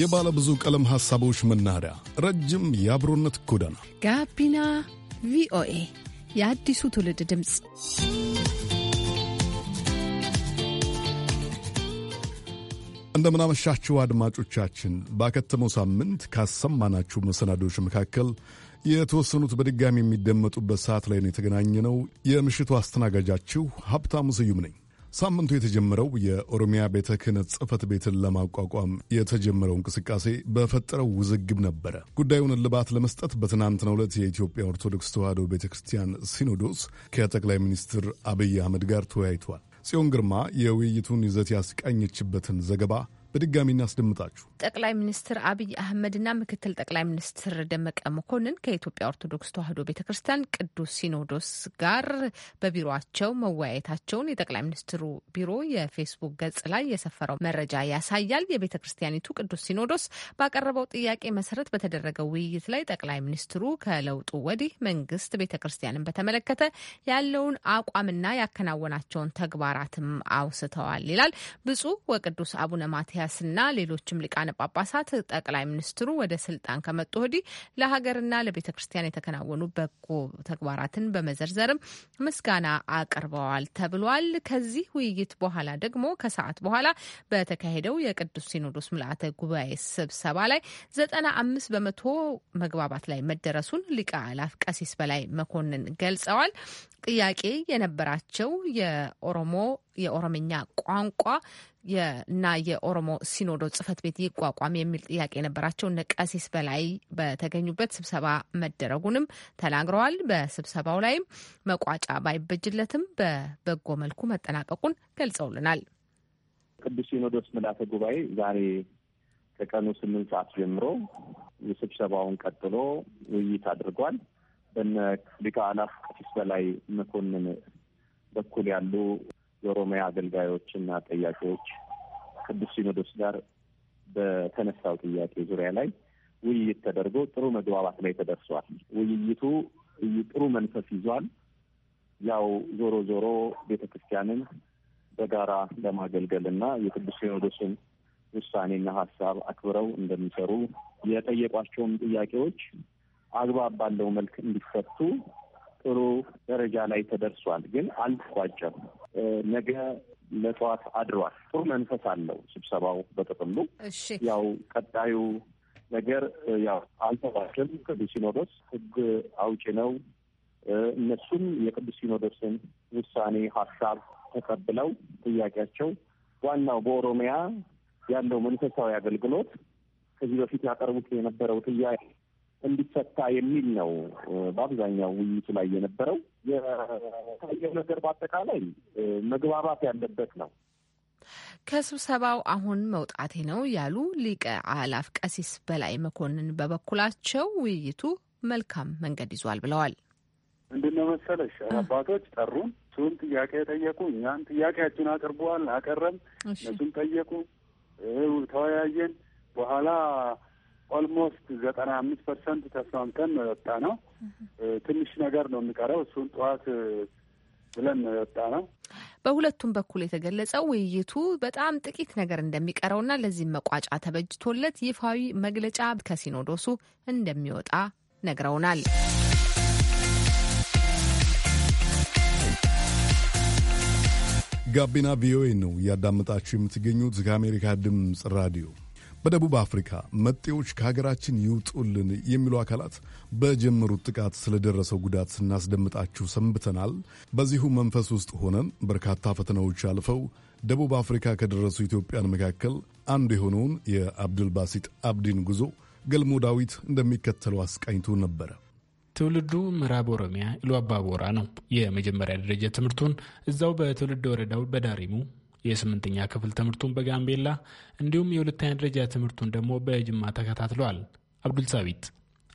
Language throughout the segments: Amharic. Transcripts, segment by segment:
የባለ ብዙ ቀለም ሐሳቦች መናኸሪያ፣ ረጅም የአብሮነት ጎዳና ጋቢና ቪኦኤ የአዲሱ ትውልድ ድምፅ። እንደምናመሻችሁ አድማጮቻችን። ባከተመው ሳምንት ካሰማናችሁ መሰናዶች መካከል የተወሰኑት በድጋሚ የሚደመጡበት ሰዓት ላይ ነው የተገናኘ ነው። የምሽቱ አስተናጋጃችሁ ሀብታሙ ስዩም ነኝ። ሳምንቱ የተጀመረው የኦሮሚያ ቤተ ክህነት ጽሕፈት ቤትን ለማቋቋም የተጀመረው እንቅስቃሴ በፈጠረው ውዝግብ ነበረ። ጉዳዩን እልባት ለመስጠት በትናንትናው ዕለት የኢትዮጵያ ኦርቶዶክስ ተዋሕዶ ቤተ ክርስቲያን ሲኖዶስ ከጠቅላይ ሚኒስትር አብይ አህመድ ጋር ተወያይቷል። ጽዮን ግርማ የውይይቱን ይዘት ያስቃኘችበትን ዘገባ በድጋሚ እናስደምጣችሁ። ጠቅላይ ሚኒስትር አብይ አህመድና ምክትል ጠቅላይ ሚኒስትር ደመቀ መኮንን ከኢትዮጵያ ኦርቶዶክስ ተዋሕዶ ቤተ ክርስቲያን ቅዱስ ሲኖዶስ ጋር በቢሮቸው መወያየታቸውን የጠቅላይ ሚኒስትሩ ቢሮ የፌስቡክ ገጽ ላይ የሰፈረው መረጃ ያሳያል። የቤተ ክርስቲያኒቱ ቅዱስ ሲኖዶስ ባቀረበው ጥያቄ መሰረት በተደረገው ውይይት ላይ ጠቅላይ ሚኒስትሩ ከለውጡ ወዲህ መንግስት ቤተ ክርስቲያንን በተመለከተ ያለውን አቋምና ያከናወናቸውን ተግባራትም አውስተዋል ይላል። ብፁዕ ወቅዱስ አቡነ ማትያ ማቲያስና ሌሎችም ሊቃነ ጳጳሳት ጠቅላይ ሚኒስትሩ ወደ ስልጣን ከመጡ ወዲህ ለሀገርና ለቤተ ክርስቲያን የተከናወኑ በጎ ተግባራትን በመዘርዘርም ምስጋና አቅርበዋል ተብሏል። ከዚህ ውይይት በኋላ ደግሞ ከሰዓት በኋላ በተካሄደው የቅዱስ ሲኖዶስ ምልአተ ጉባኤ ስብሰባ ላይ ዘጠና አምስት በመቶ መግባባት ላይ መደረሱን ሊቀ አእላፍ ቀሲስ በላይ መኮንን ገልጸዋል። ጥያቄ የነበራቸው የኦሮሞ የኦሮምኛ ቋንቋ እና የኦሮሞ ሲኖዶ ጽህፈት ቤት ይቋቋም የሚል ጥያቄ የነበራቸው እነ ቀሲስ በላይ በተገኙበት ስብሰባ መደረጉንም ተናግረዋል። በስብሰባው ላይም መቋጫ ባይበጅለትም በበጎ መልኩ መጠናቀቁን ገልጸውልናል። ቅዱስ ሲኖዶስ ምልዓተ ጉባኤ ዛሬ ከቀኑ ስምንት ሰዓት ጀምሮ የስብሰባውን ቀጥሎ ውይይት አድርጓል። በነ ሊቀ አእላፍ ቀሲስ በላይ መኮንን በኩል ያሉ የኦሮሚያ አገልጋዮች እና ጠያቂዎች ቅዱስ ሲኖዶስ ጋር በተነሳው ጥያቄ ዙሪያ ላይ ውይይት ተደርጎ ጥሩ መግባባት ላይ ተደርሷል። ውይይቱ ጥሩ መንፈስ ይዟል። ያው ዞሮ ዞሮ ቤተ ክርስቲያንን በጋራ ለማገልገል እና የቅዱስ ሲኖዶስን ውሳኔና ሀሳብ አክብረው እንደሚሰሩ የጠየቋቸውም ጥያቄዎች አግባብ ባለው መልክ እንዲፈቱ ጥሩ ደረጃ ላይ ተደርሷል፣ ግን አልተቋጨም። ነገ ለጠዋት አድሯል። ጥሩ መንፈስ አለው ስብሰባው በጥቅሉ። ያው ቀጣዩ ነገር ያው አልተቋጨም። ቅዱስ ሲኖዶስ ህግ አውጪ ነው። እነሱም የቅዱስ ሲኖዶስን ውሳኔ ሀሳብ ተቀብለው ጥያቄያቸው ዋናው በኦሮሚያ ያለው መንፈሳዊ አገልግሎት ከዚህ በፊት ያቀርቡት የነበረው ጥያቄ እንዲፈታ የሚል ነው በአብዛኛው ውይይቱ ላይ የነበረው። የታየው ነገር በአጠቃላይ መግባባት ያለበት ነው። ከስብሰባው አሁን መውጣቴ ነው ያሉ ሊቀ አላፍ ቀሲስ በላይ መኮንን በበኩላቸው ውይይቱ መልካም መንገድ ይዟል ብለዋል። ምንድነው መሰለሽ አባቶች ጠሩን፣ እሱን ጥያቄ ጠየቁ፣ እኛን ጥያቄያችን አቅርበዋል፣ አቀረም፣ እሱን ጠየቁ፣ ተወያየን በኋላ ኦልሞስት ዘጠና አምስት ፐርሰንት ተስማምተን ነው የወጣ ነው። ትንሽ ነገር ነው የሚቀረው። እሱን ጠዋት ብለን ነው የወጣ ነው። በሁለቱም በኩል የተገለጸው ውይይቱ በጣም ጥቂት ነገር እንደሚቀረውና ለዚህም መቋጫ ተበጅቶለት ይፋዊ መግለጫ ከሲኖዶሱ እንደሚወጣ ነግረውናል። ጋቢና ቪኦኤ ነው እያዳመጣችሁ የምትገኙት ከአሜሪካ ድምፅ ራዲዮ በደቡብ አፍሪካ መጤዎች ከሀገራችን ይውጡልን የሚሉ አካላት በጀመሩት ጥቃት ስለደረሰው ጉዳት ስናስደምጣችሁ ሰንብተናል። በዚሁ መንፈስ ውስጥ ሆነን በርካታ ፈተናዎች አልፈው ደቡብ አፍሪካ ከደረሱ ኢትዮጵያን መካከል አንዱ የሆነውን የአብዱልባሲጥ አብዲን ጉዞ ገልሞ ዳዊት እንደሚከተለው አስቃኝቶ ነበረ። ትውልዱ ምዕራብ ኦሮሚያ ኢሉ አባቦራ ነው። የመጀመሪያ ደረጃ ትምህርቱን እዛው በትውልድ ወረዳው በዳሪሙ የስምንተኛ ክፍል ትምህርቱን በጋምቤላ እንዲሁም የሁለተኛ ደረጃ ትምህርቱን ደግሞ በጅማ ተከታትለዋል። አብዱልሳቢት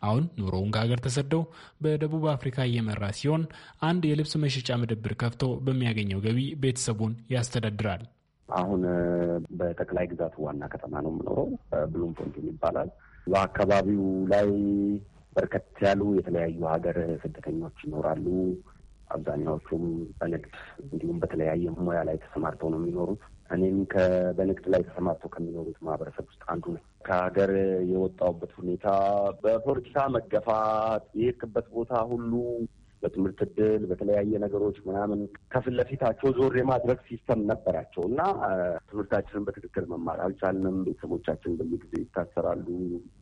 አሁን ኑሮውን ከሀገር ተሰደው በደቡብ አፍሪካ እየመራ ሲሆን አንድ የልብስ መሸጫ መደብር ከፍቶ በሚያገኘው ገቢ ቤተሰቡን ያስተዳድራል። አሁን በጠቅላይ ግዛቱ ዋና ከተማ ነው የምኖረው። ብሉምፎንቴን ይባላል። በአካባቢው ላይ በርከት ያሉ የተለያዩ ሀገር ስደተኞች ይኖራሉ። አብዛኛዎቹም በንግድ እንዲሁም በተለያየ ሙያ ላይ ተሰማርተው ነው የሚኖሩት። እኔም በንግድ ላይ ተሰማርተው ከሚኖሩት ማህበረሰብ ውስጥ አንዱ ነው። ከሀገር የወጣሁበት ሁኔታ በፖለቲካ መገፋት የሄድክበት ቦታ ሁሉ በትምህርት እድል በተለያየ ነገሮች ምናምን ከፊት ለፊታቸው ዞር የማድረግ ሲስተም ነበራቸው እና ትምህርታችንን በትክክል መማር አልቻልንም። ቤተሰቦቻችን በየጊዜ ይታሰራሉ፣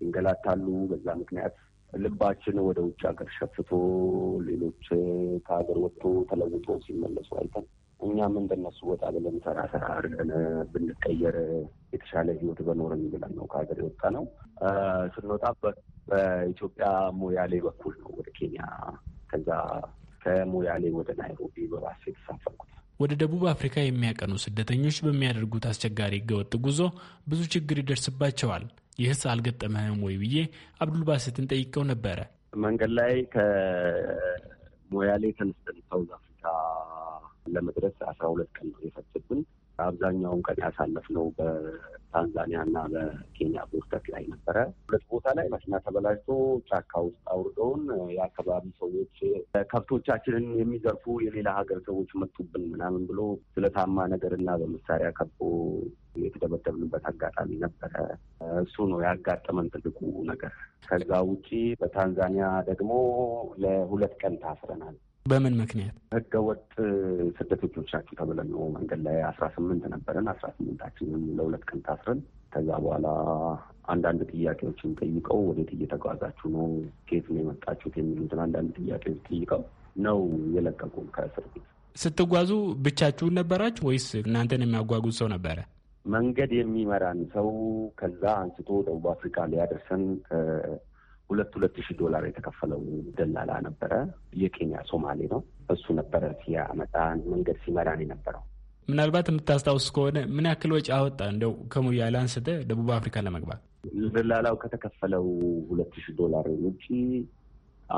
ይንገላታሉ። በዛ ምክንያት ልባችን ወደ ውጭ ሀገር ሸፍቶ ሌሎች ከሀገር ወጥቶ ተለውጦ ሲመለሱ አይተን እኛም እንደነሱ ወጣ ብለን ሰራ ሰራ አድርገን ብንቀየር የተሻለ ህይወት በኖረን ብለን ነው ከሀገር የወጣ ነው። ስንወጣ በኢትዮጵያ ሞያሌ በኩል ነው ወደ ኬንያ፣ ከዛ ከሞያሌ ወደ ናይሮቢ በባስ የተሳፈርኩት። ወደ ደቡብ አፍሪካ የሚያቀኑ ስደተኞች በሚያደርጉት አስቸጋሪ ህገወጥ ጉዞ ብዙ ችግር ይደርስባቸዋል። ይህስ አልገጠመህም ወይ ብዬ አብዱልባሴትን ጠይቀው ነበረ። መንገድ ላይ ከሞያሌ ተነስተን ሳውዝ አፍሪካ ለመድረስ አስራ ሁለት ቀን ነው የፈጀብን። አብዛኛውን ቀን ያሳለፍነው በታንዛኒያ እና በኬንያ ቦስተት ላይ ነበረ። ሁለት ቦታ ላይ መኪና ተበላሽቶ ጫካ ውስጥ አውርደውን የአካባቢ ሰዎች ከብቶቻችንን የሚዘርፉ የሌላ ሀገር ሰዎች መጡብን ምናምን ብሎ ስለታማ ነገር እና በመሳሪያ ከቦ የተደበደብንበት አጋጣሚ ነበረ። እሱ ነው ያጋጠመን ትልቁ ነገር። ከዛ ውጪ በታንዛኒያ ደግሞ ለሁለት ቀን ታስረናል። በምን ምክንያት ህገወጥ ስደተኞች ተብለን ነው መንገድ ላይ አስራ ስምንት ነበረን። አስራ ስምንታችንን ለሁለት ቀን ታስረን ከዛ በኋላ አንዳንድ ጥያቄዎችን ጠይቀው ወዴት እየተጓዛችሁ ነው፣ ኬት ነው የመጣችሁት የሚሉትን አንዳንድ ጥያቄዎች ጠይቀው ነው የለቀቁን ከእስር ቤት። ስትጓዙ ብቻችሁን ነበራችሁ ወይስ እናንተን የሚያጓጉዝ ሰው ነበረ? መንገድ የሚመራን ሰው ከዛ አንስቶ ደቡብ አፍሪካ ሊያደርሰን ሁለት ሁለት ሺህ ዶላር የተከፈለው ደላላ ነበረ። የኬንያ ሶማሌ ነው። እሱ ነበረ ሲያመጣን መንገድ ሲመራን የነበረው። ምናልባት የምታስታውስ ከሆነ ምን ያክል ወጪ አወጣ እንደው ከሞያሌ አንስተ ደቡብ አፍሪካ ለመግባት? ደላላው ከተከፈለው ሁለት ሺህ ዶላር ውጪ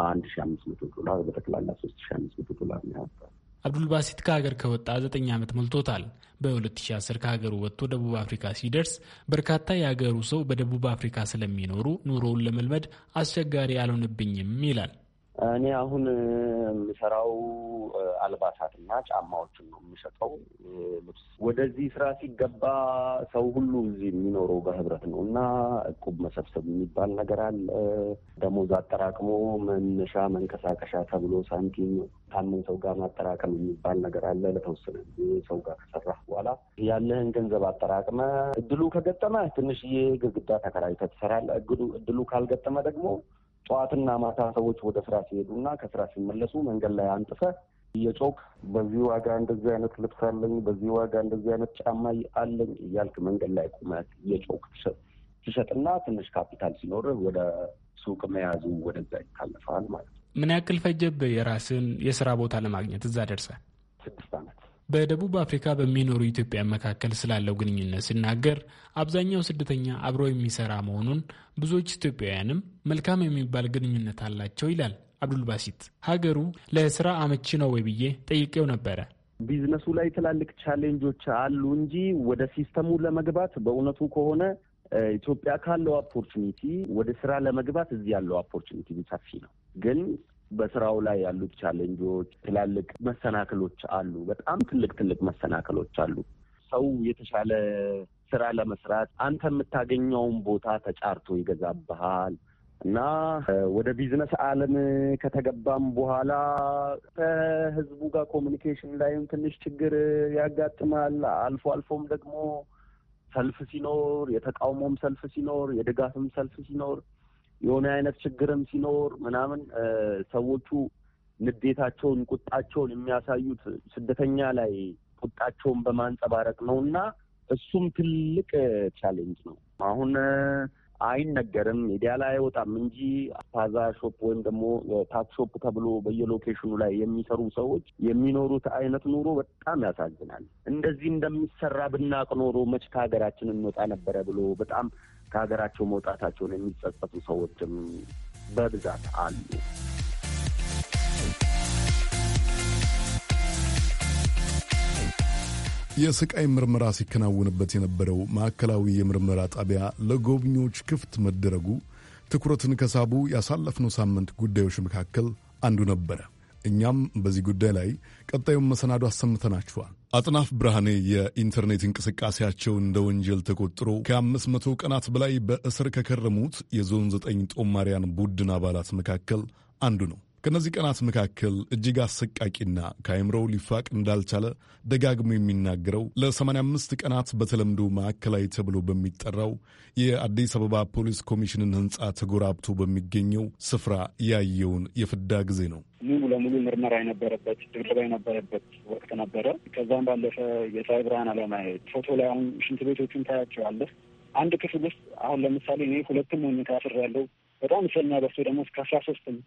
አንድ ሺህ አምስት መቶ ዶላር በጠቅላላ ሶስት ሺህ አምስት መቶ ዶላር ነው ያወጣው። አብዱልባሲት ከሀገር ከወጣ 9 ዓመት ሞልቶታል። በ2010 ከሀገሩ ወጥቶ ደቡብ አፍሪካ ሲደርስ በርካታ የሀገሩ ሰው በደቡብ አፍሪካ ስለሚኖሩ ኑሮውን ለመልመድ አስቸጋሪ አልሆንብኝም ይላል። እኔ አሁን የምሰራው አልባሳትና ጫማዎችን ነው የምሸጠው። ልብስ ወደዚህ ስራ ሲገባ ሰው ሁሉ እዚህ የሚኖረው በህብረት ነው እና እቁብ መሰብሰብ የሚባል ነገር አለ። ደሞዝ አጠራቅሞ መነሻ መንቀሳቀሻ ተብሎ ሳንቲም ታምን ሰው ጋር ማጠራቀም የሚባል ነገር አለ። ለተወሰነ ጊዜ ሰው ጋር ከሰራህ በኋላ ያለህን ገንዘብ አጠራቅመ እድሉ ከገጠመ ትንሽዬ ግድግዳ ተከራይተህ ትሰራለህ። እድሉ ካልገጠመ ደግሞ ጠዋትና ማታ ሰዎች ወደ ስራ ሲሄዱና ከስራ ሲመለሱ መንገድ ላይ አንጥፈ የጮክ በዚህ ዋጋ እንደዚህ አይነት ልብስ አለኝ፣ በዚህ ዋጋ እንደዚህ አይነት ጫማ አለኝ እያልክ መንገድ ላይ ቁመት የጮክ ትሸጥና ትንሽ ካፒታል ሲኖርህ ወደ ሱቅ መያዙ ወደዛ ይታለፋል ማለት ነው። ምን ያክል ፈጀብህ የራስን የስራ ቦታ ለማግኘት እዛ ደርሰህ? ስድስት አመት በደቡብ አፍሪካ በሚኖሩ ኢትዮጵያ መካከል ስላለው ግንኙነት ሲናገር አብዛኛው ስደተኛ አብሮ የሚሰራ መሆኑን ብዙዎች ኢትዮጵያውያንም መልካም የሚባል ግንኙነት አላቸው ይላል አብዱልባሲት። ሀገሩ ለስራ አመቺ ነው ወይ ብዬ ጠይቄው ነበረ። ቢዝነሱ ላይ ትላልቅ ቻሌንጆች አሉ እንጂ ወደ ሲስተሙ ለመግባት በእውነቱ ከሆነ ኢትዮጵያ ካለው አፖርቹኒቲ ወደ ስራ ለመግባት እዚህ ያለው አፖርቹኒቲ ሰፊ ነው ግን በስራው ላይ ያሉት ቻሌንጆች፣ ትላልቅ መሰናክሎች አሉ። በጣም ትልቅ ትልቅ መሰናክሎች አሉ። ሰው የተሻለ ስራ ለመስራት አንተ የምታገኘውን ቦታ ተጫርቶ ይገዛብሃል እና ወደ ቢዝነስ አለም ከተገባም በኋላ ከህዝቡ ጋር ኮሚኒኬሽን ላይም ትንሽ ችግር ያጋጥማል። አልፎ አልፎም ደግሞ ሰልፍ ሲኖር፣ የተቃውሞም ሰልፍ ሲኖር፣ የድጋፍም ሰልፍ ሲኖር የሆነ አይነት ችግርም ሲኖር ምናምን ሰዎቹ ንዴታቸውን፣ ቁጣቸውን የሚያሳዩት ስደተኛ ላይ ቁጣቸውን በማንጸባረቅ ነው እና እሱም ትልቅ ቻሌንጅ ነው። አሁን አይነገርም፣ ሚዲያ ላይ አይወጣም እንጂ ፓዛ ሾፕ ወይም ደግሞ ታክ ሾፕ ተብሎ በየሎኬሽኑ ላይ የሚሰሩ ሰዎች የሚኖሩት አይነት ኑሮ በጣም ያሳዝናል። እንደዚህ እንደሚሰራ ብናቅ ኖሮ መች ከሀገራችን እንወጣ ነበረ ብሎ በጣም ከሀገራቸው መውጣታቸውን የሚጸጸቱ ሰዎችም በብዛት አሉ። የስቃይ ምርመራ ሲከናወንበት የነበረው ማዕከላዊ የምርመራ ጣቢያ ለጎብኚዎች ክፍት መደረጉ ትኩረትን ከሳቡ ያሳለፍነው ሳምንት ጉዳዮች መካከል አንዱ ነበረ። እኛም በዚህ ጉዳይ ላይ ቀጣዩን መሰናዶ አሰምተናችኋል። አጥናፍ ብርሃኔ የኢንተርኔት እንቅስቃሴያቸው እንደ ወንጀል ተቆጥሮ ከአምስት መቶ ቀናት በላይ በእስር ከከረሙት የዞን ዘጠኝ ጦማሪያን ቡድን አባላት መካከል አንዱ ነው። ከእነዚህ ቀናት መካከል እጅግ አሰቃቂና ከአእምሮው ሊፋቅ እንዳልቻለ ደጋግሞ የሚናገረው ለ85 ቀናት በተለምዶ ማዕከላዊ ተብሎ በሚጠራው የአዲስ አበባ ፖሊስ ኮሚሽንን ሕንፃ ተጎራብቶ በሚገኘው ስፍራ ያየውን የፍዳ ጊዜ ነው። ሙሉ ለሙሉ ምርመራ የነበረበት ድብደባ የነበረበት ወቅት ነበረ። ከዛም ባለፈ የፀሐይ ብርሃን አለማየት ፎቶ ላይ አሁን ሽንት ቤቶቹን ታያቸዋለህ። አንድ ክፍል ውስጥ አሁን ለምሳሌ እኔ ሁለትም ሆኜ ያለው በጣም ስለሚያበሱ ደግሞ እስከ አስራ ሶስትም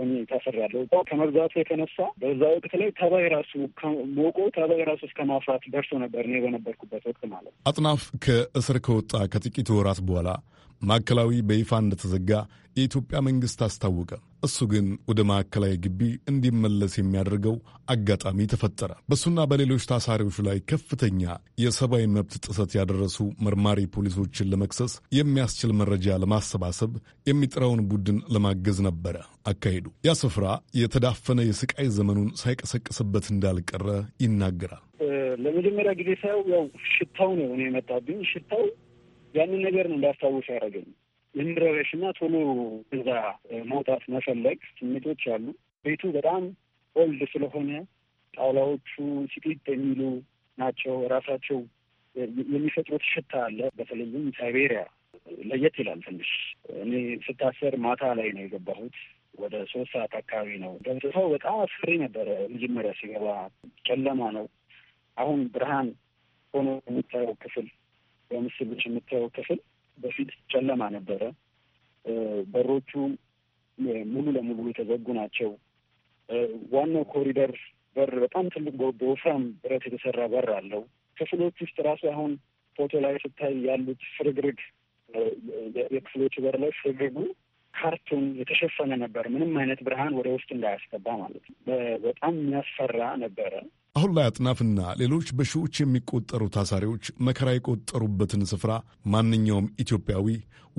ሆኜ ታስሬያለሁ። ከመብዛቱ የተነሳ በዛ ወቅት ላይ ተባይ ራሱ ሞቆ ተባይ ራሱ እስከ ማፍራት ደርሶ ነበር እኔ በነበርኩበት ወቅት ማለት ነው። አጥናፍ ከእስር ከወጣ ከጥቂት ወራት በኋላ ማዕከላዊ በይፋ እንደተዘጋ የኢትዮጵያ መንግሥት አስታወቀ። እሱ ግን ወደ ማዕከላዊ ግቢ እንዲመለስ የሚያደርገው አጋጣሚ ተፈጠረ። በሱና በሌሎች ታሳሪዎች ላይ ከፍተኛ የሰብአዊ መብት ጥሰት ያደረሱ መርማሪ ፖሊሶችን ለመክሰስ የሚያስችል መረጃ ለማሰባሰብ የሚጥረውን ቡድን ለማገዝ ነበረ አካሄዱ። ያ ስፍራ የተዳፈነ የስቃይ ዘመኑን ሳይቀሰቅስበት እንዳልቀረ ይናገራል። ለመጀመሪያ ጊዜ ሳየው ያው ሽታው ነው የመጣብኝ ሽታው ያንን ነገር ነው እንዳስታውስ ያደረገኝ። የምረበሽና ቶሎ እዛ መውጣት መፈለግ ስሜቶች አሉ። ቤቱ በጣም ኦልድ ስለሆነ ጣውላዎቹ ሲጢጥ የሚሉ ናቸው። ራሳቸው የሚፈጥሩት ሽታ አለ። በተለይም ሳይቤሪያ ለየት ይላል ትንሽ። እኔ ስታሰር ማታ ላይ ነው የገባሁት። ወደ ሶስት ሰዓት አካባቢ ነው ገብተው። በጣም አስፈሪ ነበረ መጀመሪያ ሲገባ፣ ጨለማ ነው። አሁን ብርሃን ሆኖ የሚታየው ክፍል በምስሎች የምታየው ክፍል በፊት ጨለማ ነበረ። በሮቹ ሙሉ ለሙሉ የተዘጉ ናቸው። ዋናው ኮሪደር በር በጣም ትልቅ በወፍራም ብረት የተሰራ በር አለው። ክፍሎች ውስጥ ራሱ አሁን ፎቶ ላይ ስታይ ያሉት ፍርግርግ የክፍሎቹ በር ላይ ፍርግርጉ ካርቱን የተሸፈነ ነበር፣ ምንም አይነት ብርሃን ወደ ውስጥ እንዳያስገባ ማለት ነው። በጣም የሚያስፈራ ነበረ። አሁን ላይ አጥናፍና ሌሎች በሺዎች የሚቆጠሩ ታሳሪዎች መከራ የቆጠሩበትን ስፍራ ማንኛውም ኢትዮጵያዊ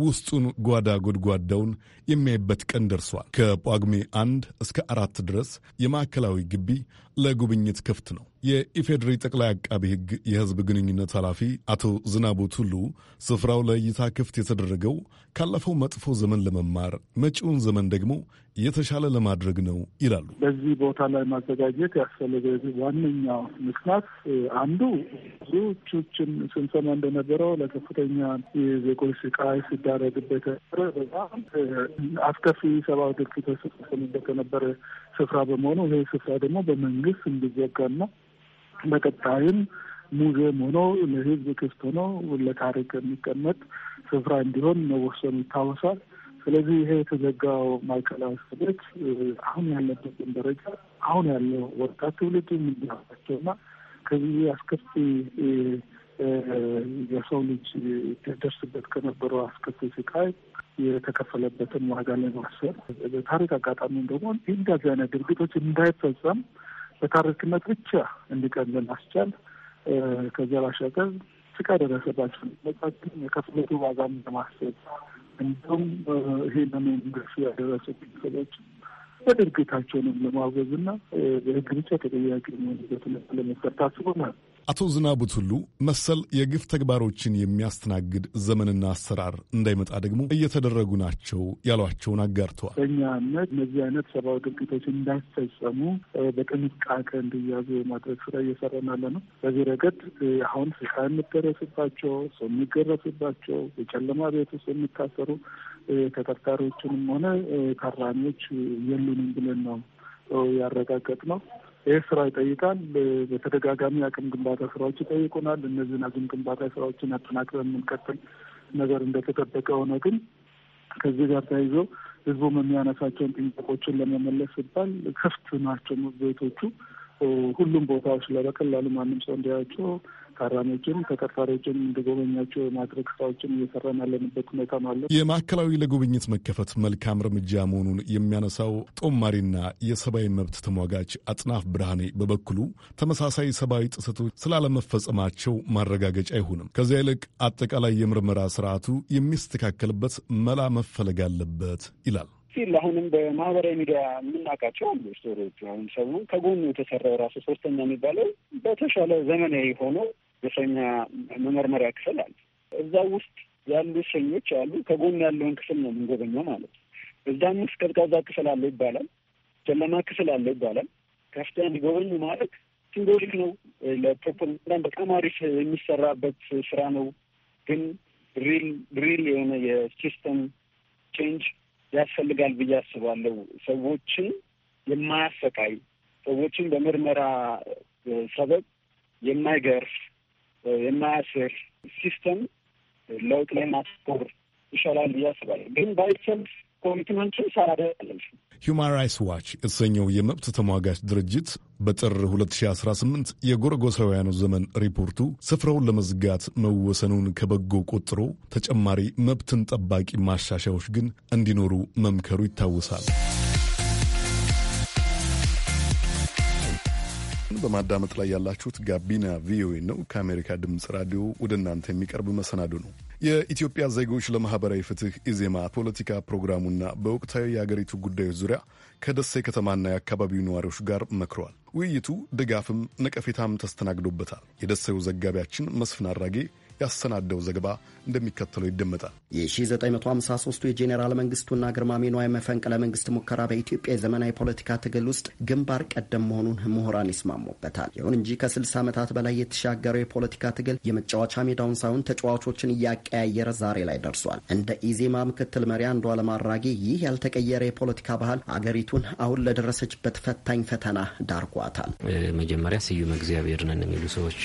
ውስጡን ጓዳ ጎድጓዳውን የሚያይበት ቀን ደርሷል። ከጳጉሜ አንድ እስከ አራት ድረስ የማዕከላዊ ግቢ ለጉብኝት ክፍት ነው። የኢፌዴሪ ጠቅላይ አቃቢ ሕግ የሕዝብ ግንኙነት ኃላፊ አቶ ዝናቡ ቱሉ ስፍራው ለእይታ ክፍት የተደረገው ካለፈው መጥፎ ዘመን ለመማር መጪውን ዘመን ደግሞ የተሻለ ለማድረግ ነው ይላሉ። በዚህ ቦታ ላይ ማዘጋጀት ያስፈለገ ዋነኛው ምክንያት አንዱ ብዙዎችን ስንሰማ እንደነበረው ለከፍተኛ የዜጎች ስቃይ ሲዳረግበት በጣም አስከፊ ሰብአዊ ድርጊቶች እንደነበረ ስፍራ በመሆኑ ይህ ስፍራ ደግሞ በመንግስት እንዲዘጋና በቀጣይም ሙዚየም ሆኖ ለህዝብ ክፍት ሆኖ ለታሪክ የሚቀመጥ ስፍራ እንዲሆን መወሰኑ ይታወሳል። ስለዚህ ይሄ የተዘጋው ማዕከላዊ እስር ቤት አሁን ያለበትን ደረጃ አሁን ያለው ወጣት ትውልድ እንዲያውቃቸውና ከዚህ አስከፊ የሰው ልጅ ደርስበት ከነበረው አስከፊ ስቃይ የተከፈለበትን ዋጋ ለማሰብ በታሪክ አጋጣሚም ደግሞ እንደዚህ አይነት ድርጊቶች እንዳይፈጸም በታሪክነት ብቻ እንዲቀልል አስቻል ከዚያ ባሻገር ስቃ ደረሰባቸው መጣትን የከፍለቱ ዋጋም ለማሰብ እንዲሁም ይህንን ግፍ ያደረሱ ሰዎች በድርጊታቸውንም ለማውገዝ እና የህግ ብቻ ተጠያቂ የሚሆንበት ለመፍጠር ታስቦ ማለት ነው። አቶ ዝናቡት ሁሉ መሰል የግፍ ተግባሮችን የሚያስተናግድ ዘመንና አሰራር እንዳይመጣ ደግሞ እየተደረጉ ናቸው ያሏቸውን አጋርተዋል። በእኛ እምነት እነዚህ አይነት ሰብአዊ ድርጊቶች እንዳይፈጸሙ በጥንቃቄ እንዲያዙ የማድረግ ስራ እየሰራን ያለ ነው። በዚህ ረገድ አሁን ፍሻ የሚደረስባቸው ሰው የሚገረስባቸው የጨለማ ቤት ውስጥ የሚታሰሩ ተጠርጣሪዎችንም ሆነ ታራሚዎች የሉንም ብለን ነው ያረጋገጥ ነው። ይህ ስራ ይጠይቃል። በተደጋጋሚ አቅም ግንባታ ስራዎች ይጠይቁናል። እነዚህን አቅም ግንባታ ስራዎችን አጠናክረን የምንቀጥል ነገር እንደተጠበቀ ሆነ ግን ከዚህ ጋር ተያይዞ ህዝቡም የሚያነሳቸውን ጥያቄዎችን ለመመለስ ሲባል ክፍት ናቸው ቤቶቹ ሁሉም ቦታዎች ላይ በቀላሉ ማንም ሰው እንዲያያቸው ታራሚዎችም ተጠርጣሪዎችም እንዲጎበኛቸው የማድረግ ስራዎችን እየሰራን ያለንበት ሁኔታ አለ። የማዕከላዊ ለጉብኝት መከፈት መልካም እርምጃ መሆኑን የሚያነሳው ጦማሪና የሰብአዊ መብት ተሟጋች አጥናፍ ብርሃኔ በበኩሉ ተመሳሳይ ሰብአዊ ጥሰቶች ስላለመፈጸማቸው ማረጋገጫ አይሆንም። ከዚያ ይልቅ አጠቃላይ የምርመራ ስርዓቱ የሚስተካከልበት መላ መፈለግ አለበት ይላል። ፊል አሁንም በማህበራዊ ሚዲያ የምናውቃቸው አሉ ስቶሪዎቹ። አሁን ሰው ከጎኑ የተሰራው ራሱ ሶስተኛ የሚባለው በተሻለ ዘመናዊ ሆኖ የሸኛ መመርመሪያ ክፍል አለ። እዛ ውስጥ ያሉ ሰኞች አሉ። ከጎን ያለውን ክፍል ነው የምንጎበኘው ማለት ነው። እዛም ውስጥ ቀዝቃዛ ክፍል አለ ይባላል፣ ጨለማ ክፍል አለ ይባላል። ከፍታ እንዲጎበኙ ማለት ሲምቦሊክ ነው። ለፕሮፓጋንዳ በጣም አሪፍ የሚሰራበት ስራ ነው። ግን ሪል ሪል የሆነ የሲስተም ቼንጅ ያስፈልጋል ብዬ አስባለሁ። ሰዎችን የማያሰቃይ ሰዎችን በምርመራ ሰበብ የማይገርፍ የማያስር ሲስተም ለውጥ ላይ ማስኮር ይሻላል ብዬ አስባለሁ። ግን ባይሰልፍ ኮሚትመንቱን ሁማን ራይትስ ዋች የተሰኘው የመብት ተሟጋች ድርጅት በጥር 2018 የጎረጎሳውያኑ ዘመን ሪፖርቱ ስፍራውን ለመዝጋት መወሰኑን ከበጎ ቆጥሮ ተጨማሪ መብትን ጠባቂ ማሻሻያዎች ግን እንዲኖሩ መምከሩ ይታወሳል። በማዳመጥ ላይ ያላችሁት ጋቢና ቪኦኤ ነው። ከአሜሪካ ድምፅ ራዲዮ ወደ እናንተ የሚቀርብ መሰናዶ ነው። የኢትዮጵያ ዜጎች ለማህበራዊ ፍትህ ኢዜማ ፖለቲካ ፕሮግራሙና በወቅታዊ የአገሪቱ ጉዳዮች ዙሪያ ከደሴ ከተማና የአካባቢው ነዋሪዎች ጋር መክሯል ውይይቱ ድጋፍም ነቀፌታም ተስተናግዶበታል። የደሴው ዘጋቢያችን መስፍን አድራጌ ያሰናደው ዘገባ እንደሚከተለው ይደመጣል። የ1953ቱ የጄኔራል መንግስቱና ግርማሜ ነዋይ መፈንቅለ መንግስት ሙከራ በኢትዮጵያ የዘመናዊ ፖለቲካ ትግል ውስጥ ግንባር ቀደም መሆኑን ምሁራን ይስማሙበታል። ይሁን እንጂ ከ60 ዓመታት በላይ የተሻገረው የፖለቲካ ትግል የመጫወቻ ሜዳውን ሳይሆን ተጫዋቾችን እያቀያየረ ዛሬ ላይ ደርሷል። እንደ ኢዜማ ምክትል መሪ አንዷ አራጌ ይህ ያልተቀየረ የፖለቲካ ባህል አገሪቱን አሁን ለደረሰችበት ፈታኝ ፈተና ዳርጓታል። መጀመሪያ ስዩም እግዚአብሔር ነን የሚሉ ሰዎች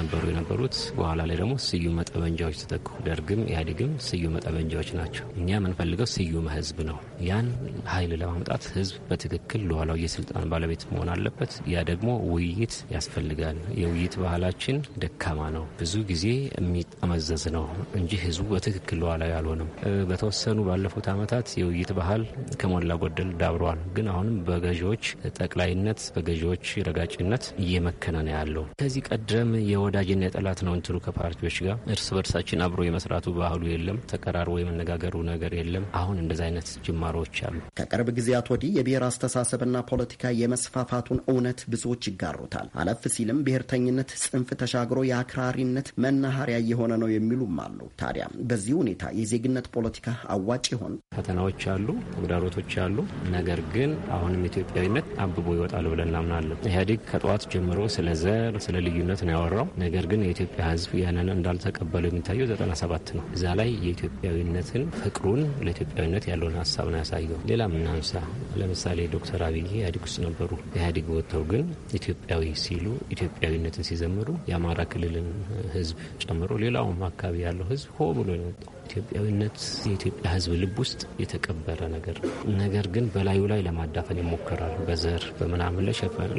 ነበሩ የነበሩት። በኋላ ላይ ደግሞ ስዩም መጠመንጃዎች ተጠቁ ደርግም ኢህአዴግም ስዩም ጠመንጃዎች ናቸው። እኛ የምንፈልገው ስዩም ህዝብ ነው። ያን ኃይል ለማምጣት ህዝብ በትክክል ለኋላው የስልጣን ባለቤት መሆን አለበት። ያ ደግሞ ውይይት ያስፈልጋል። የውይይት ባህላችን ደካማ ነው፣ ብዙ ጊዜ የሚጠመዘዝ ነው እንጂ ህዝቡ በትክክል ለኋላ አልሆነም። በተወሰኑ ባለፉት ዓመታት የውይይት ባህል ከሞላ ጎደል ዳብረዋል። ግን አሁንም በገዢዎች ጠቅላይነት በገዢዎች ረጋጭነት እየመከነ ነው ያለው። ከዚህ ቀደም የወዳጅና የጠላት ነው እንትሉ ከፓርቲዎች ጋር እርስ በርሳችን አብሮ የመስራቱ ባህሉ የለም። ተቀራርቦ የመነጋገሩ ነገር የለም። አሁን እንደዚ አይነት ጅማሮዎች አሉ። ከቅርብ ጊዜያት ወዲህ የብሔር አስተሳሰብና ፖለቲካ የመስፋፋቱን እውነት ብዙዎች ይጋሩታል። አለፍ ሲልም ብሔርተኝነት ጽንፍ ተሻግሮ የአክራሪነት መናኸሪያ እየሆነ ነው የሚሉም አሉ። ታዲያ በዚህ ሁኔታ የዜግነት ፖለቲካ አዋጭ ይሆን? ፈተናዎች አሉ፣ ተግዳሮቶች አሉ። ነገር ግን አሁንም ኢትዮጵያዊነት አብቦ ይወጣል ብለን እናምናለን። ኢህአዴግ ከጠዋት ጀምሮ ስለ ዘር፣ ስለ ልዩነት ነው ያወራው። ነገር ግን የኢትዮጵያ ሕዝብ ያንን እንዳልተቀበለው የሚታየው 17 ነው። እዛ ላይ የኢትዮጵያዊነትን ፍቅሩን ለኢትዮጵያዊነት ያለውን ሀሳብ ነው ያሳየው። ሌላ ምናንሳ ለምሳሌ ዶክተር አብይ ኢህአዴግ ውስጥ ነበሩ። ኢህአዴግ ወጥተው ግን ኢትዮጵያዊ ሲሉ ኢትዮጵያዊነትን ሲዘምሩ የአማራ ክልልን ህዝብ ጨምሮ ሌላውም አካባቢ ያለው ህዝብ ሆ ብሎ ነው የወጣው። ኢትዮጵያዊነት የኢትዮጵያ ህዝብ ልብ ውስጥ የተቀበረ ነገር ነገር ግን በላዩ ላይ ለማዳፈን ይሞክራል። በዘር በምናምን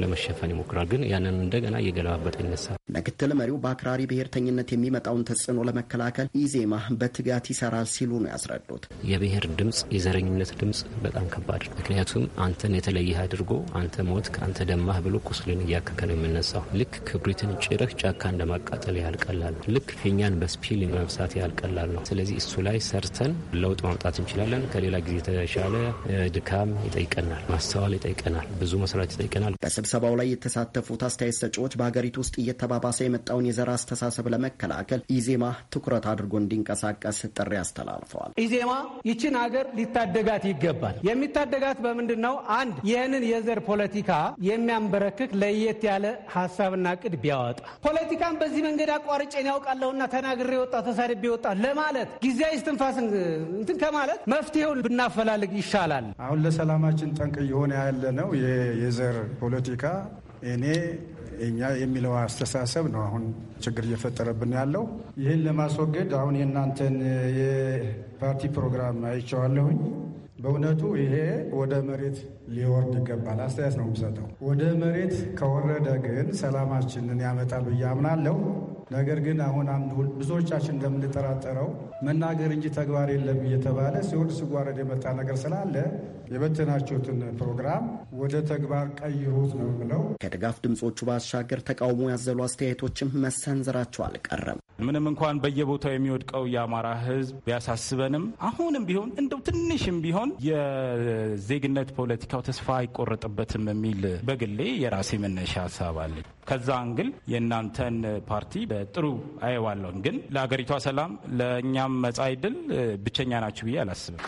ለመሸፈን ይሞክራል። ግን ያንን እንደገና እየገለባበጠ ይነሳል። ምክትል መሪው በአክራሪ ብሔርተኝነት የሚመጣውን ተጽዕኖ ለመከላከል ኢዜማ በትጋት ይሰራል ሲሉ ነው ያስረዱት። የብሔር ድምፅ፣ የዘረኝነት ድምፅ በጣም ከባድ ነው። ምክንያቱም አንተን የተለየህ አድርጎ አንተ ሞት ከአንተ ደማህ ብሎ ቁስልን እያከከ ነው የምነሳው። ልክ ክብሪትን ጭረህ ጫካ እንደማቃጠል ያልቀላል ነው። ልክ ፊኛን በስፒል መብሳት ያልቀላል ነው። ስለዚህ እሱ ላይ ሰርተን ለውጥ ማምጣት እንችላለን። ከሌላ ጊዜ የተሻለ ድካም ይጠይቀናል፣ ማስተዋል ይጠይቀናል፣ ብዙ መስራት ይጠይቀናል። በስብሰባው ላይ የተሳተፉት አስተያየት ሰጪዎች በሀገሪቱ ውስጥ እየተባ እየተባባሰ የመጣውን የዘር አስተሳሰብ ለመከላከል ኢዜማ ትኩረት አድርጎ እንዲንቀሳቀስ ጥሪ አስተላልፈዋል። ኢዜማ ይችን ሀገር ሊታደጋት ይገባል። የሚታደጋት በምንድን ነው? አንድ ይህንን የዘር ፖለቲካ የሚያንበረክክ ለየት ያለ ሀሳብና ቅድ ቢያወጣ ፖለቲካን በዚህ መንገድ አቋርጭን ያውቃለሁና ተናግሬ ወጣ ተሳድቤ ወጣ ለማለት ጊዜያዊ እስትንፋስ እንትን ከማለት መፍትሄውን ብናፈላልግ ይሻላል። አሁን ለሰላማችን ጠንቅ እየሆነ ያለ ነው የዘር ፖለቲካ እኔ እኛ የሚለው አስተሳሰብ ነው አሁን ችግር እየፈጠረብን ያለው። ይህን ለማስወገድ አሁን የእናንተን የፓርቲ ፕሮግራም አይቼዋለሁኝ። በእውነቱ ይሄ ወደ መሬት ሊወርድ ይገባል። አስተያየት ነው የምሰጠው። ወደ መሬት ከወረደ ግን ሰላማችንን ያመጣል ብዬ አምናለሁ። ነገር ግን አሁን አንድ ብዙዎቻችን እንደምንጠራጠረው መናገር እንጂ ተግባር የለም እየተባለ ሲወርድ ሲጓረድ የመጣ ነገር ስላለ የበተናችሁትን ፕሮግራም ወደ ተግባር ቀይሩት ነው ብለው ከድጋፍ ድምፆቹ ባሻገር ተቃውሞ ያዘሉ አስተያየቶችም መሰንዘራቸው አልቀረም። ምንም እንኳን በየቦታው የሚወድቀው የአማራ ሕዝብ ቢያሳስበንም አሁንም ቢሆን እንደው ትንሽም ቢሆን የዜግነት ፖለቲካው ተስፋ አይቆረጥበትም የሚል በግሌ የራሴ መነሻ ሀሳብ አለኝ። ከዛ እንግል የእናንተን ፓርቲ በጥሩ አየዋለሁን፣ ግን ለሀገሪቷ ሰላም ለእኛም መጻኢ ዕድል ብቸኛ ናችሁ ብዬ አላስብም።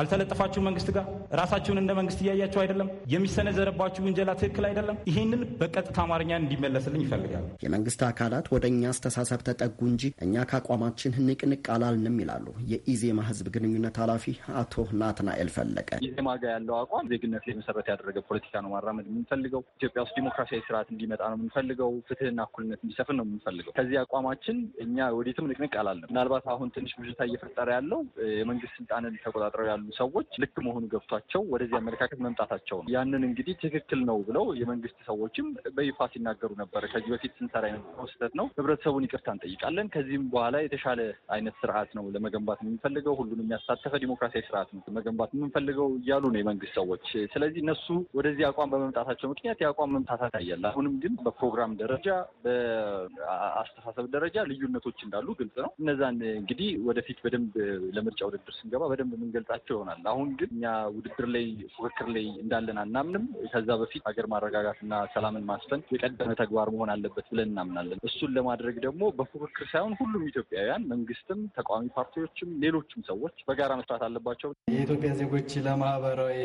አልተለጠፋችሁ መንግስት ጋር ራሳችሁን እንደ መንግስት እያያችሁ አይደለም። የሚሰነዘረባችሁ ውንጀላ ትክክል አይደለም። ይህንን በቀጥታ አማርኛ እንዲመለስልኝ ይፈልጋሉ። የመንግስት አካላት ወደ እኛ አስተሳሰብ ተጠጉ እንጂ እኛ ከአቋማችን ንቅንቅ አላልንም ይላሉ የኢዜማ ህዝብ ግንኙነት ኃላፊ አቶ ናትናኤል ፈለቀ። ኢዜማ ጋር ያለው አቋም ዜግነት ላይ መሰረት ያደረገ ፖለቲካ ነው ማራመድ የምንፈልገው። ኢትዮጵያ ውስጥ ዲሞክራሲያዊ ስርዓት እንዲመጣ ነው የምንፈልገው። ፍትህና እኩልነት እንዲሰፍን ነው የምንፈልገው። ከዚህ አቋማችን እኛ ወዴትም ንቅንቅ አላልንም። ምናልባት አሁን ትንሽ ብዥታ እየፈጠረ ያለው የመንግስት ስልጣንን ተቆጣጥረው ያሉ ያሉ ሰዎች ልክ መሆኑ ገብቷቸው ወደዚህ አመለካከት መምጣታቸው ነው። ያንን እንግዲህ ትክክል ነው ብለው የመንግስት ሰዎችም በይፋ ሲናገሩ ነበረ። ከዚህ በፊት ስንሰራ የነበረው ስህተት ነው፣ ህብረተሰቡን ይቅርታ እንጠይቃለን። ከዚህም በኋላ የተሻለ አይነት ስርዓት ነው ለመገንባት የምንፈልገው፣ ሁሉንም ያሳተፈ ዲሞክራሲያዊ ስርዓት ነው መገንባት የምንፈልገው እያሉ ነው የመንግስት ሰዎች። ስለዚህ እነሱ ወደዚህ አቋም በመምጣታቸው ምክንያት የአቋም መምታታት ይታያል። አሁንም ግን በፕሮግራም ደረጃ በአስተሳሰብ ደረጃ ልዩነቶች እንዳሉ ግልጽ ነው። እነዛን እንግዲህ ወደፊት በደንብ ለምርጫ ውድድር ስንገባ በደንብ የምንገልጻቸው ያስፈልጋቸው ይሆናል። አሁን ግን እኛ ውድድር ላይ ፉክክር ላይ እንዳለን አናምንም። ከዛ በፊት ሀገር ማረጋጋትና ሰላምን ማስፈን የቀደመ ተግባር መሆን አለበት ብለን እናምናለን። እሱን ለማድረግ ደግሞ በፉክክር ሳይሆን ሁሉም ኢትዮጵያውያን፣ መንግስትም፣ ተቃዋሚ ፓርቲዎችም፣ ሌሎችም ሰዎች በጋራ መስራት አለባቸው። የኢትዮጵያ ዜጎች ለማህበራዊ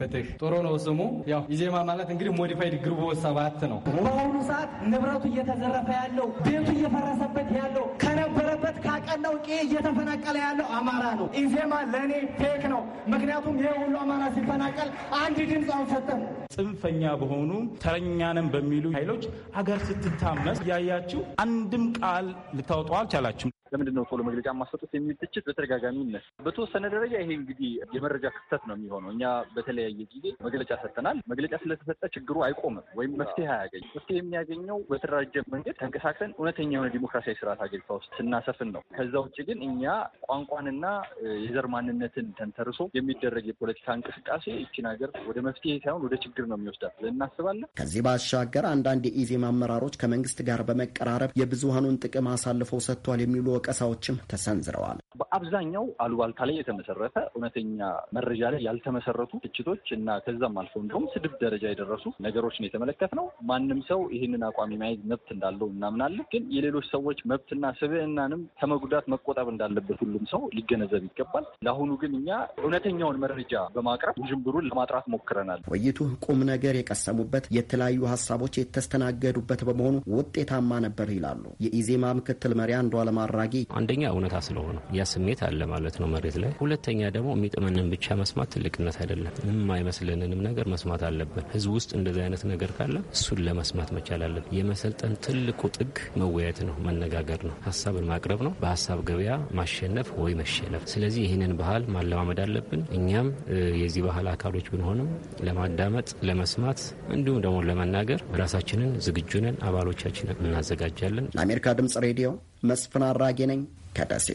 ፍትህ ጥሩ ነው ስሙ። ያው ኢዜማ ማለት እንግዲህ ሞዲፋይድ ግሩቦ ሰባት ነው። በአሁኑ ሰዓት ንብረቱ እየተዘረፈ ያለው ቤቱ እየፈረሰበት ያለው እየተፈናቀለ ያለው አማራ ነው። ኢዜማ ለእኔ ፌክ ነው። ምክንያቱም ይህ ሁሉ አማራ ሲፈናቀል አንድ ድምፅ አልሰጠም። ጽንፈኛ በሆኑ ተረኛንም በሚሉ ኃይሎች አገር ስትታመስ እያያችሁ አንድም ቃል ልታወጡ አልቻላችሁም። ለምንድን ነው ቶሎ መግለጫ ማሰጡት የሚል ትችት በተደጋጋሚ ይነሳል። በተወሰነ ደረጃ ይሄ እንግዲህ የመረጃ ክፍተት ነው የሚሆነው። እኛ በተለያየ ጊዜ መግለጫ ሰጥተናል። መግለጫ ስለተሰጠ ችግሩ አይቆምም ወይም መፍትሄ አያገኝ መፍትሄ የሚያገኘው በተደራጀ መንገድ ተንቀሳቅሰን እውነተኛ የሆነ ዲሞክራሲያዊ ስርዓት አገሪቷ ውስጥ ስናሰፍን ነው። ከዛ ውጭ ግን እኛ ቋንቋንና የዘር ማንነትን ተንተርሶ የሚደረግ የፖለቲካ እንቅስቃሴ ይችን ሀገር ወደ መፍትሄ ሳይሆን ወደ ችግር ነው የሚወስዳት ብለን እናስባለን። ከዚህ ባሻገር አንዳንድ የኢዜማ አመራሮች ከመንግስት ጋር በመቀራረብ የብዙሀኑን ጥቅም አሳልፈው ሰጥቷል የሚሉ ወቀሳዎችም ተሰንዝረዋል። በአብዛኛው አሉባልታ ላይ የተመሰረተ እውነተኛ መረጃ ላይ ያልተመሰረቱ ትችቶች እና ከዛም አልፎ እንዲሁም ስድብ ደረጃ የደረሱ ነገሮችን የተመለከት ነው። ማንም ሰው ይህንን አቋም የመያዝ መብት እንዳለው እናምናለን። ግን የሌሎች ሰዎች መብትና ስብዕናንም ከመጉዳት መቆጠብ እንዳለበት ሁሉም ሰው ሊገነዘብ ይገባል። ለአሁኑ ግን እኛ እውነተኛውን መረጃ በማቅረብ ውዥንብሩን ለማጥራት ሞክረናል። ውይይቱ ቁም ነገር የቀሰሙበት የተለያዩ ሀሳቦች የተስተናገዱበት በመሆኑ ውጤታማ ነበር ይላሉ የኢዜማ ምክትል መሪ አንዷለም አራጌ አስፈላጊ አንደኛ እውነታ ስለሆነ ያ ስሜት አለ ማለት ነው መሬት ላይ። ሁለተኛ ደግሞ የሚጥመንን ብቻ መስማት ትልቅነት አይደለም። የማይመስልንንም ነገር መስማት አለብን። ህዝብ ውስጥ እንደዚህ አይነት ነገር ካለ እሱን ለመስማት መቻል አለብን። የመሰልጠን ትልቁ ጥግ መወያየት ነው፣ መነጋገር ነው፣ ሀሳብን ማቅረብ ነው። በሀሳብ ገበያ ማሸነፍ ወይ መሸነፍ። ስለዚህ ይህንን ባህል ማለማመድ አለብን። እኛም የዚህ ባህል አካሎች ብንሆንም ለማዳመጥ ለመስማት፣ እንዲሁም ደግሞ ለመናገር ራሳችንን ዝግጁ ነን። አባሎቻችንን እናዘጋጃለን። ለአሜሪካ ድምጽ ሬዲዮ መስፍን አራጌ ነኝ ከደሴ።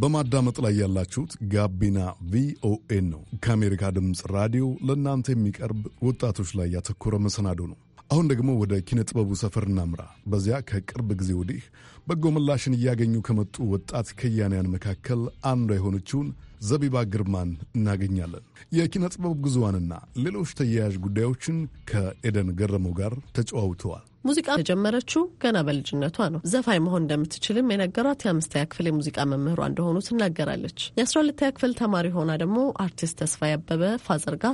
በማዳመጥ ላይ ያላችሁት ጋቢና ቪኦኤን ነው። ከአሜሪካ ድምፅ ራዲዮ ለእናንተ የሚቀርብ ወጣቶች ላይ ያተኮረ መሰናዶ ነው። አሁን ደግሞ ወደ ኪነ ጥበቡ ሰፈር እናምራ። በዚያ ከቅርብ ጊዜ ወዲህ በጎ ምላሽን እያገኙ ከመጡ ወጣት ከያንያን መካከል አንዷ የሆነችውን ዘቢባ ግርማን እናገኛለን። የኪነ ጥበብ ጉዞዋንና ሌሎች ተያያዥ ጉዳዮችን ከኤደን ገረመው ጋር ተጨዋውተዋል። ሙዚቃ የጀመረችው ገና በልጅነቷ ነው። ዘፋኝ መሆን እንደምትችልም የነገሯት የአምስተኛ ክፍል የሙዚቃ መምህሯ እንደሆኑ ትናገራለች። የአስራ ሁለተኛ ክፍል ተማሪ ሆና ደግሞ አርቲስት ተስፋ ያበበ ፋዘርጋ።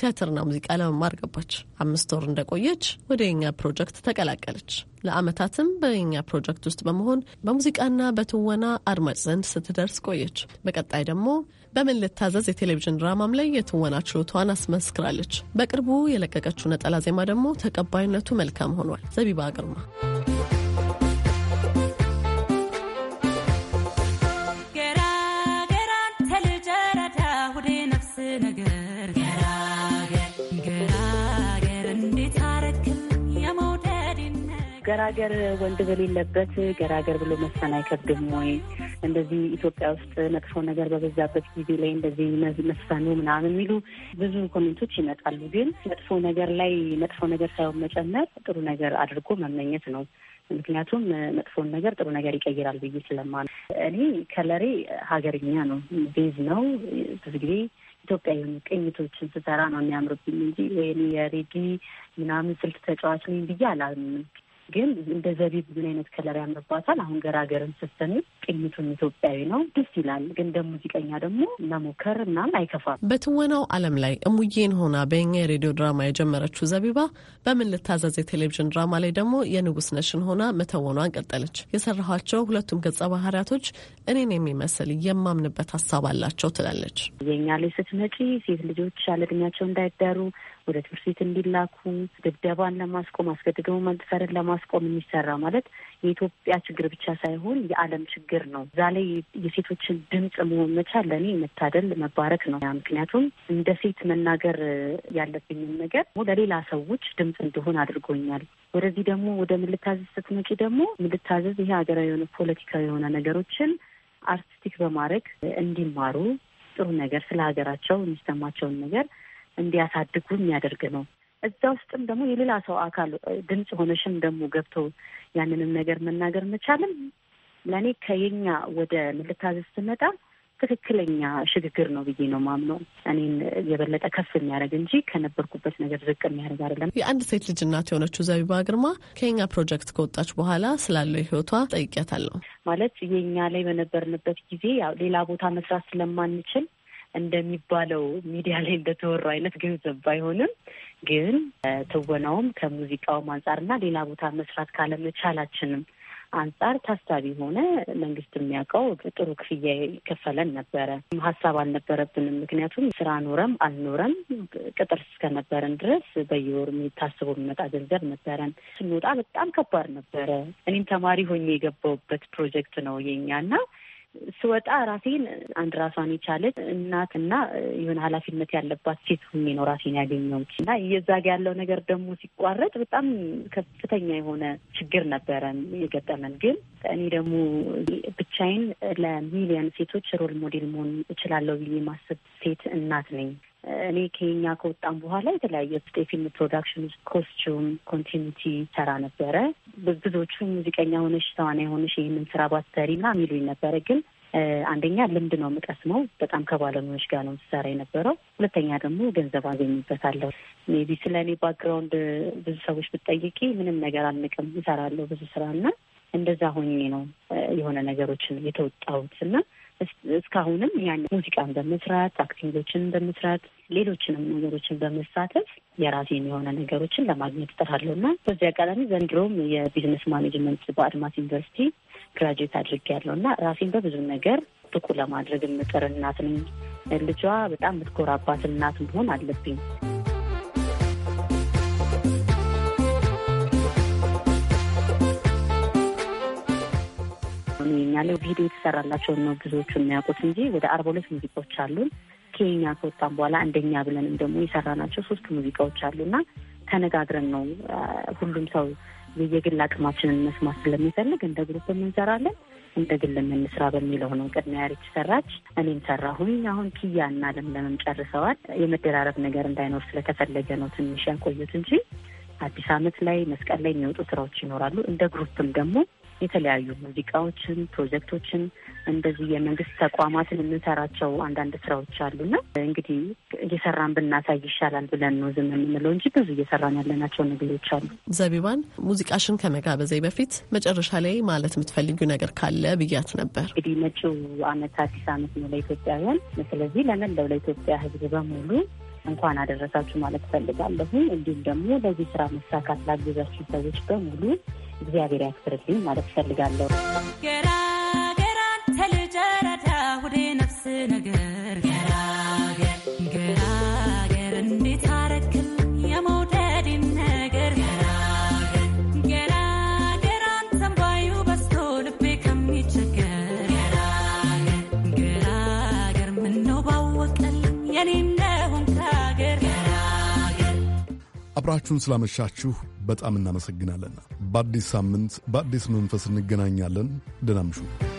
ቲያትርና ሙዚቃ ለመማር ገባች። አምስት ወር እንደቆየች ወደ የኛ ፕሮጀክት ተቀላቀለች። ለአመታትም በኛ ፕሮጀክት ውስጥ በመሆን በሙዚቃና በትወና አድማጭ ዘንድ ስትደርስ ቆየች። በቀጣይ ደግሞ በምን ልታዘዝ የቴሌቪዥን ድራማም ላይ የትወና ችሎቷን አስመስክራለች። በቅርቡ የለቀቀችው ነጠላ ዜማ ደግሞ ተቀባይነቱ መልካም ሆኗል። ዘቢባ ግርማ ገራገር ወንድ በሌለበት ገራገር ብሎ መስፈን አይከብድም ወይ? እንደዚህ ኢትዮጵያ ውስጥ መጥፎ ነገር በበዛበት ጊዜ ላይ እንደዚህ መስፈኑ ምናምን የሚሉ ብዙ ኮሜንቶች ይመጣሉ። ግን መጥፎ ነገር ላይ መጥፎ ነገር ሳይሆን መጨመር ጥሩ ነገር አድርጎ መመኘት ነው። ምክንያቱም መጥፎን ነገር ጥሩ ነገር ይቀይራል ብዬ ስለማ እኔ ከለሬ ሀገርኛ ነው፣ ቤዝ ነው። ብዙ ጊዜ ኢትዮጵያ የሆኑ ቅኝቶችን ስሰራ ነው የሚያምርብኝ እንጂ ወይ የሬጌ ምናምን ስልት ተጫዋች ነኝ ብዬ አላምንም። ግን እንደ ዘቢብ ምን አይነት ከለር ያምርባታል። አሁን ገራገርን ስትሰሚ ቅኝቱን ኢትዮጵያዊ ነው፣ ደስ ይላል። ግን እንደ ሙዚቀኛ ደግሞ መሞከር ምናምን አይከፋም። በትወናው ዓለም ላይ እሙዬን ሆና በኛ የሬዲዮ ድራማ የጀመረችው ዘቢባ በምን ልታዘዝ የቴሌቪዥን ድራማ ላይ ደግሞ የንጉስ ነሽን ሆና መተወኗን ቀጠለች። የሰራኋቸው ሁለቱም ገጸ ባህሪያቶች እኔን የሚመስል የማምንበት ሀሳብ አላቸው ትላለች። የኛ ላይ ስትመጪ ሴት ልጆች ያለ እድሜያቸው እንዳይዳሩ ወደ ትምህርት ቤት እንዲላኩ፣ ድብደባን ለማስቆም አስገድዶ መድፈርን ለማስቆም የሚሰራ ማለት የኢትዮጵያ ችግር ብቻ ሳይሆን የዓለም ችግር ነው። እዛ ላይ የሴቶችን ድምፅ መሆን መቻል ለእኔ መታደል መባረክ ነው። ምክንያቱም እንደ ሴት መናገር ያለብኝም ነገር ለሌላ ሰዎች ድምፅ እንደሆን አድርጎኛል። ወደዚህ ደግሞ ወደ ምልታዘዝ ስትመጪ ደግሞ ምልታዘዝ ይሄ ሀገራዊ የሆነ ፖለቲካዊ የሆነ ነገሮችን አርቲስቲክ በማድረግ እንዲማሩ ጥሩ ነገር ስለ ሀገራቸው የሚሰማቸውን ነገር እንዲያሳድጉ የሚያደርግ ነው። እዛ ውስጥም ደግሞ የሌላ ሰው አካል ድምፅ ሆነሽም ደግሞ ገብቶ ያንንም ነገር መናገር መቻልም ለእኔ ከየኛ ወደ ምልታዘዝ ስመጣ ትክክለኛ ሽግግር ነው ብዬ ነው ማምነው። እኔን የበለጠ ከፍ የሚያደርግ እንጂ ከነበርኩበት ነገር ዝቅ የሚያደርግ አይደለም። የአንድ ሴት ልጅ እናት የሆነችው ዘቢባ ግርማ ከኛ ፕሮጀክት ከወጣች በኋላ ስላለው ሕይወቷ ጠይቄያታለሁ። ማለት የኛ ላይ በነበርንበት ጊዜ ያው ሌላ ቦታ መስራት ስለማንችል እንደሚባለው ሚዲያ ላይ እንደተወራ አይነት ገንዘብ ባይሆንም ግን ትወናውም ከሙዚቃውም አንጻርና ሌላ ቦታ መስራት ካለመቻላችንም አንጻር ታሳቢ ሆነ መንግስት የሚያውቀው ጥሩ ክፍያ ይከፈለን ነበረ። ሀሳብ አልነበረብንም። ምክንያቱም ስራ ኖረም አልኖረም ቅጥር እስከነበረን ድረስ በየወሩ የሚታስበው የሚመጣ ገንዘብ ነበረን። ስንወጣ በጣም ከባድ ነበረ። እኔም ተማሪ ሆኜ የገባውበት ፕሮጀክት ነው የኛና ስወጣ ራሴን አንድ ራሷን የቻለች እናትና የሆነ ኃላፊነት ያለባት ሴት ሁኔ ነው ራሴን ያገኘሁት እና እየዛገ ያለው ነገር ደግሞ ሲቋረጥ በጣም ከፍተኛ የሆነ ችግር ነበረ የገጠመን። ግን እኔ ደግሞ ብቻዬን ለሚሊዮን ሴቶች ሮል ሞዴል መሆን እችላለሁ ብዬ ማሰብ ሴት እናት ነኝ። እኔ ከኛ ከወጣም በኋላ የተለያየ የፊልም ፕሮዳክሽን ኮስቹም ኮንቲኒቲ ሰራ ነበረ። ብዙዎቹ ሙዚቀኛ ሆነሽ ተዋና የሆነሽ ይህንን ስራ ባትሰሪ ምናምን ይሉኝ ነበረ ግን አንደኛ ልምድ ነው የምቀስመው። በጣም ከባለሙያዎች ጋር ነው የምሰራ የነበረው። ሁለተኛ ደግሞ ገንዘብ አገኝበታለሁ። ሜይ ቢ ስለ እኔ ባክግራውንድ ብዙ ሰዎች ብትጠይቂ ምንም ነገር አልንቅም፣ እሰራለሁ ብዙ ስራ እና እንደዛ ሆኜ ነው የሆነ ነገሮችን የተወጣሁት እና እስካሁንም ያን ሙዚቃን በመስራት አክቲንጎችን በመስራት ሌሎችንም ነገሮችን በመሳተፍ የራሴን የሆነ ነገሮችን ለማግኘት እጥራለሁ እና በዚህ አጋጣሚ ዘንድሮም የቢዝነስ ማኔጅመንት በአድማስ ዩኒቨርሲቲ ግራጁዌት አድርጌያለሁ እና ራሴን በብዙ ነገር ብቁ ለማድረግ የምጥር እናት ነኝ። ልጇ በጣም የምትኮራባት እናት መሆን አለብኝ። እኛ ቪዲዮ የተሰራላቸውን ነው ብዙዎቹ የሚያውቁት እንጂ ወደ አርባ ሁለት ሙዚቃዎች አሉን። ከኛ ከወጣን በኋላ አንደኛ ብለንም ደግሞ የሰራናቸው ሶስት ሙዚቃዎች አሉና ተነጋግረን ነው ሁሉም ሰው የግል አቅማችንን መስማት ስለሚፈልግ እንደ ግሩፕ እንሰራለን እንደ ግል የምንስራ በሚለው ነው። ቅድሚያ ያሪች ሰራች፣ እኔም ሰራሁኝ። አሁን ኪያ እና ለምለምም ጨርሰዋል። የመደራረብ ነገር እንዳይኖር ስለተፈለገ ነው ትንሽ ያቆዩት እንጂ አዲስ ዓመት ላይ መስቀል ላይ የሚወጡ ስራዎች ይኖራሉ። እንደ ግሩፕም ደግሞ የተለያዩ ሙዚቃዎችን፣ ፕሮጀክቶችን እንደዚህ የመንግስት ተቋማትን የምንሰራቸው አንዳንድ ስራዎች አሉና እንግዲህ እየሰራን ብናሳይ ይሻላል ብለን ነው ዝም የምንለው እንጂ ብዙ እየሰራን ያለናቸው ነገሮች አሉ። ዘቢባን ሙዚቃሽን ከመጋበዜ በፊት መጨረሻ ላይ ማለት የምትፈልጊው ነገር ካለ ብያት ነበር። እንግዲህ መጪው አመት አዲስ አመት ነው ለኢትዮጵያውያን። ስለዚህ ለመላው ለኢትዮጵያ ህዝብ በሙሉ እንኳን አደረሳችሁ ማለት ፈልጋለሁ። እንዲሁም ደግሞ ለዚህ ስራ መሳካት ላገዛችሁ ሰዎች በሙሉ እግዚአብሔር ያክብርልኝ ማለት ፈልጋለሁ። አብራችሁን ስላመሻችሁ በጣም እናመሰግናለን። በአዲስ ሳምንት በአዲስ መንፈስ እንገናኛለን። ደናምሹ